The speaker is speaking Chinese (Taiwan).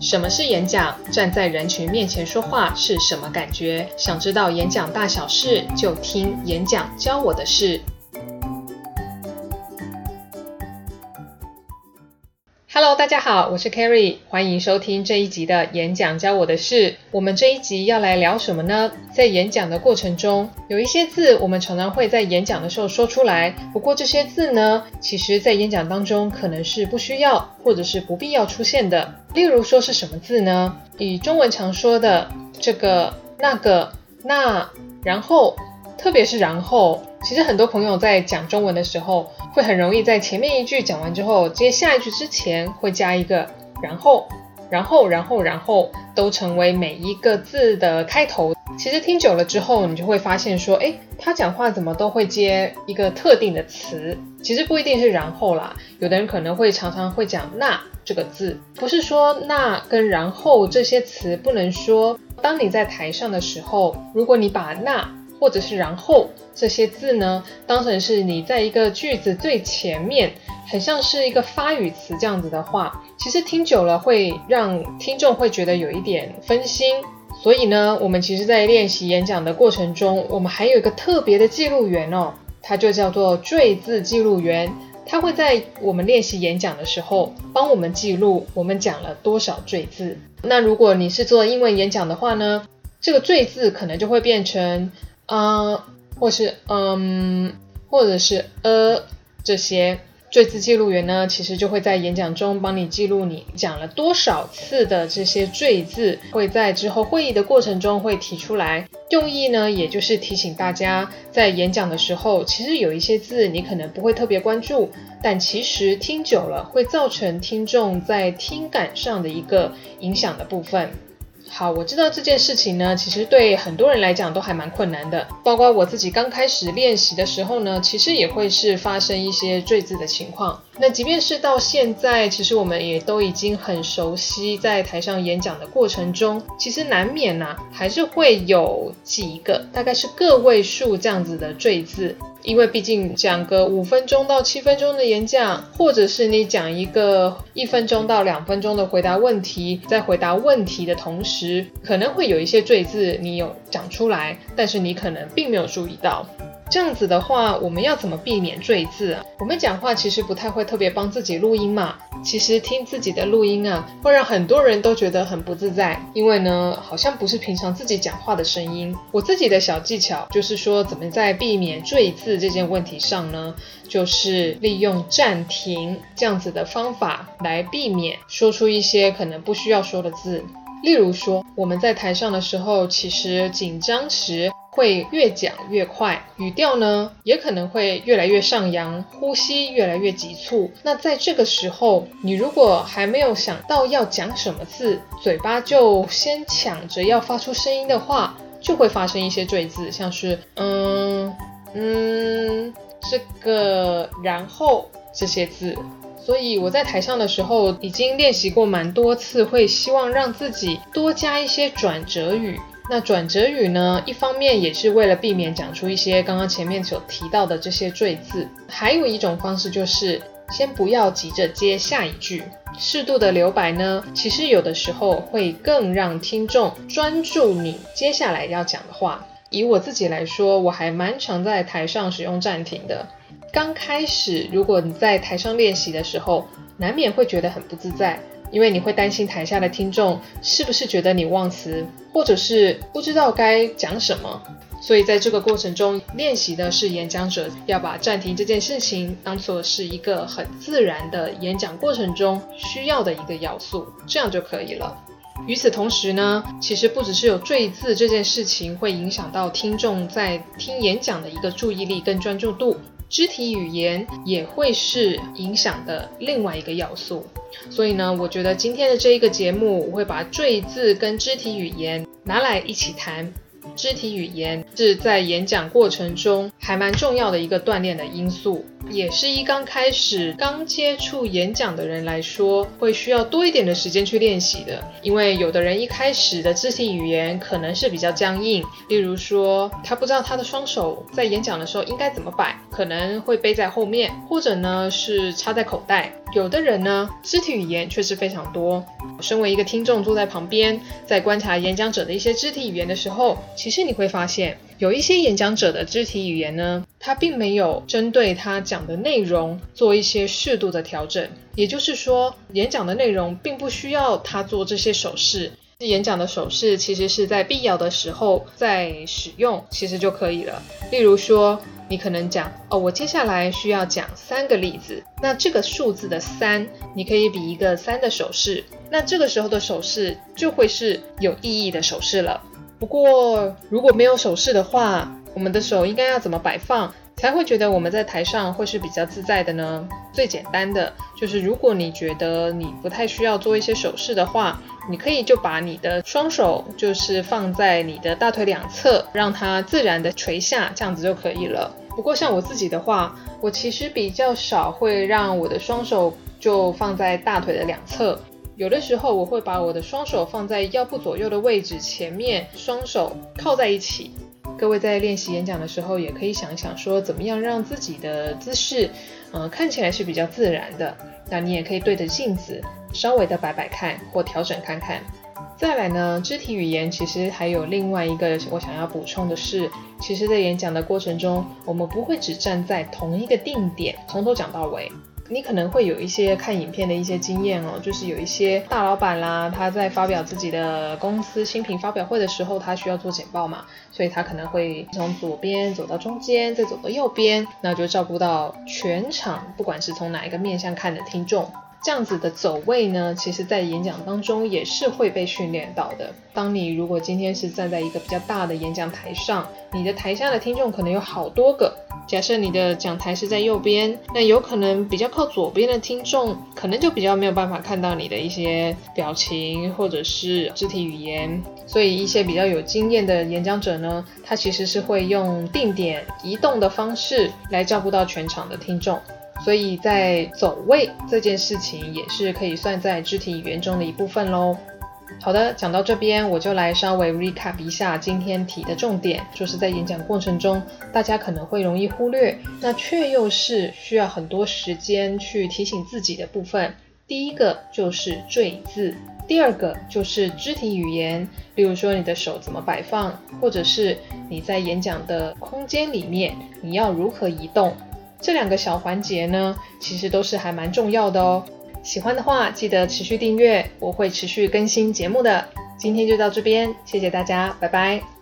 什麼是演講？站在人群面前說話是什麼感覺？想知道演講大小事，就聽演講教我的事。Hello，大家好，我是 Kerry，歡迎收聽這一集的演講教我的事。我們這一集要來聊什麼呢？在演講的過程中，有一些字我們常常會在演講的時候說出來，不過這些字呢，其實在演講當中可能是不需要或者是不必要出現的。例如說是什麼字呢？以中文常說的這個、那個、那，然後，特別是然後，其實很多朋友在講中文的時候。會很容易在前面一句講完之後，接下一句之前，會加一個然後，然後，然後，然後都成為每一個字的開頭。其實聽久了之後，你就會發現說，誒，他講話怎麼都會接一個特定的詞。其實不一定是然後啦，有的人可能會常常會講那這個字。不是說那跟然後這些詞不能說。當你在台上的時候，如果你把那或者是然後這些字呢，當成是你在一個句子最前面，很像是一個發語詞這樣子的話，其實聽久了會讓聽眾會覺得有一點分心。所以呢，我們其實，在練習演講的過程中，我們還有一個特別的記錄員哦，它就叫做贅字記錄員，它會在我們練習演講的時候幫我們記錄我們講了多少贅字。那如果你是做英文演講的話呢，這個贅字可能就會變成。啊，uh, 或是嗯，um, 或者是呃，uh, 這些贅字記錄員呢，其實就會在演講中幫你記錄你講了多少次的這些贅字，會在之後會議的過程中會提出來。用意呢，也就是提醒大家，在演講的時候，其實有一些字你可能不會特別關注，但其實聽久了會造成聽眾在聽感上的一個影響的部分。好，我知道這件事情呢，其實對很多人來講都還蠻困難的，包括我自己剛開始練習的時候呢，其實也會是發生一些贅字的情況。那即便是到現在，其實我們也都已經很熟悉，在台上演講的過程中，其實難免呢、啊，還是會有幾個，大概是個位數這樣子的贅字。因為畢竟講個五分鐘到七分鐘的演講，或者是你講一個一分鐘到兩分鐘的回答問題，在回答問題的同時，可能會有一些贅字，你有講出來，但是你可能並沒有注意到。這樣子的話，我們要怎麼避免贅字啊？我們講話其實不太會特別幫自己錄音嘛。其實聽自己的錄音啊，會讓很多人都覺得很不自在，因為呢，好像不是平常自己講話的聲音。我自己的小技巧就是說，怎麼在避免贅字這件問題上呢？就是利用暫停這樣子的方法來避免說出一些可能不需要說的字。例如說，我們在台上的時候，其實緊張時，會越講越快，語調呢也可能會越來越上揚，呼吸越來越急促。那在這個時候，你如果還沒有想到要講什麼字，嘴巴就先搶着要發出聲音的話，就會發生一些贅字，像是嗯嗯這個、然後這些字。所以我在台上的時候，已經練習過蠻多次，會希望讓自己多加一些轉折語。那轉折語呢，一方面也是為了避免講出一些剛剛前面所提到的這些綴字，還有一種方式就是先不要急着接下一句，適度的留白呢，其實有的時候會更讓聽眾專注你接下來要講的話。以我自己來說，我還蠻常在台上使用暫停的。剛開始如果你在台上練習的時候，難免會覺得很不自在。因為你會擔心台下的聽眾是不是覺得你忘詞，或者是不知道該講什麼，所以在這個過程中練習的是演講者要把暫停這件事情當作是一個很自然的演講過程中需要的一個要素，這樣就可以了。與此同時呢，其實不只是有贅字這件事情會影響到聽眾在聽演講的一個注意力跟專注度。肢體語言也會是影響的另外一個要素，所以呢，我覺得今天的這一個節目，我會把贅字跟肢體語言拿來一起談。肢體語言是在演講過程中還蠻重要的一個鍛鍊的因素，也是以剛開始剛接觸演講的人來說，會需要多一點的時間去練習的。因為有的人一開始的肢體語言可能是比較僵硬，例如說他不知道他的雙手在演講的時候應該怎麼擺，可能會背在後面，或者呢是插在口袋。有的人呢，肢體語言確實非常多。身為一個聽眾，坐在旁邊，在觀察演講者的一些肢體語言的時候，其實你會發現，有一些演講者的肢體語言呢，他並沒有針對他講的內容做一些適度的調整。也就是說，演講的內容並不需要他做這些手勢，演講的手勢其實是在必要的時候再使用，其實就可以了。例如說。你可能講哦，我接下來需要講三個例子。那這個數字的三，你可以比一個三的手勢。那這個時候的手勢就會是有意義的手勢了。不過如果沒有手勢的話，我們的手應該要怎麼擺放？才會覺得我們在台上會是比較自在的呢？最簡單的就是，如果你覺得你不太需要做一些手勢的話，你可以就把你的雙手就是放在你的大腿兩側，讓它自然的垂下，這樣子就可以了。不過像我自己的話，我其實比較少會讓我的雙手就放在大腿的兩側，有的時候我會把我的雙手放在腰部左右的位置前面，雙手靠在一起。各位在練習演講的時候，也可以想一想說，怎麼樣讓自己的姿勢，嗯、呃，看起來是比較自然的。那你也可以對着鏡子稍微的擺擺看或調整看看。再來呢，肢體語言其實還有另外一個我想要補充的是，其實在演講的過程中，我們不會只站在同一個定點，從頭講到尾。你可能會有一些看影片的一些經驗哦，就是有一些大老板啦、啊，他在發表自己的公司新品發表會的時候，他需要做簡報嘛，所以他可能會從左邊走到中間，再走到右邊，那就照顧到全場，不管是從哪一個面向看的聽眾，這樣子的走位呢，其實在演講當中也是會被訓練到的。當你如果今天是站在一個比較大的演講台上，你的台下的聽眾可能有好多個。假設你的講台是在右邊，那有可能比較靠左邊的聽眾，可能就比較沒有辦法看到你的一些表情或者是肢體語言。所以一些比較有經驗的演講者呢，他其實是會用定點移動的方式來照顧到全場的聽眾。所以在走位這件事情，也是可以算在肢體語言中的一部分嘍。好的，講到這邊，我就來稍微 recap 一下今天提的重點，就是在演講過程中，大家可能會容易忽略，那卻又是需要很多時間去提醒自己的部分。第一個就是贅字，第二個就是肢體語言，例如說你的手怎麼擺放，或者是你在演講的空間裡面你要如何移動，這兩個小環節呢，其實都是還蠻重要的哦。喜歡的話，記得持續訂閱，我會持續更新節目的。今天就到這邊，謝謝大家，拜拜。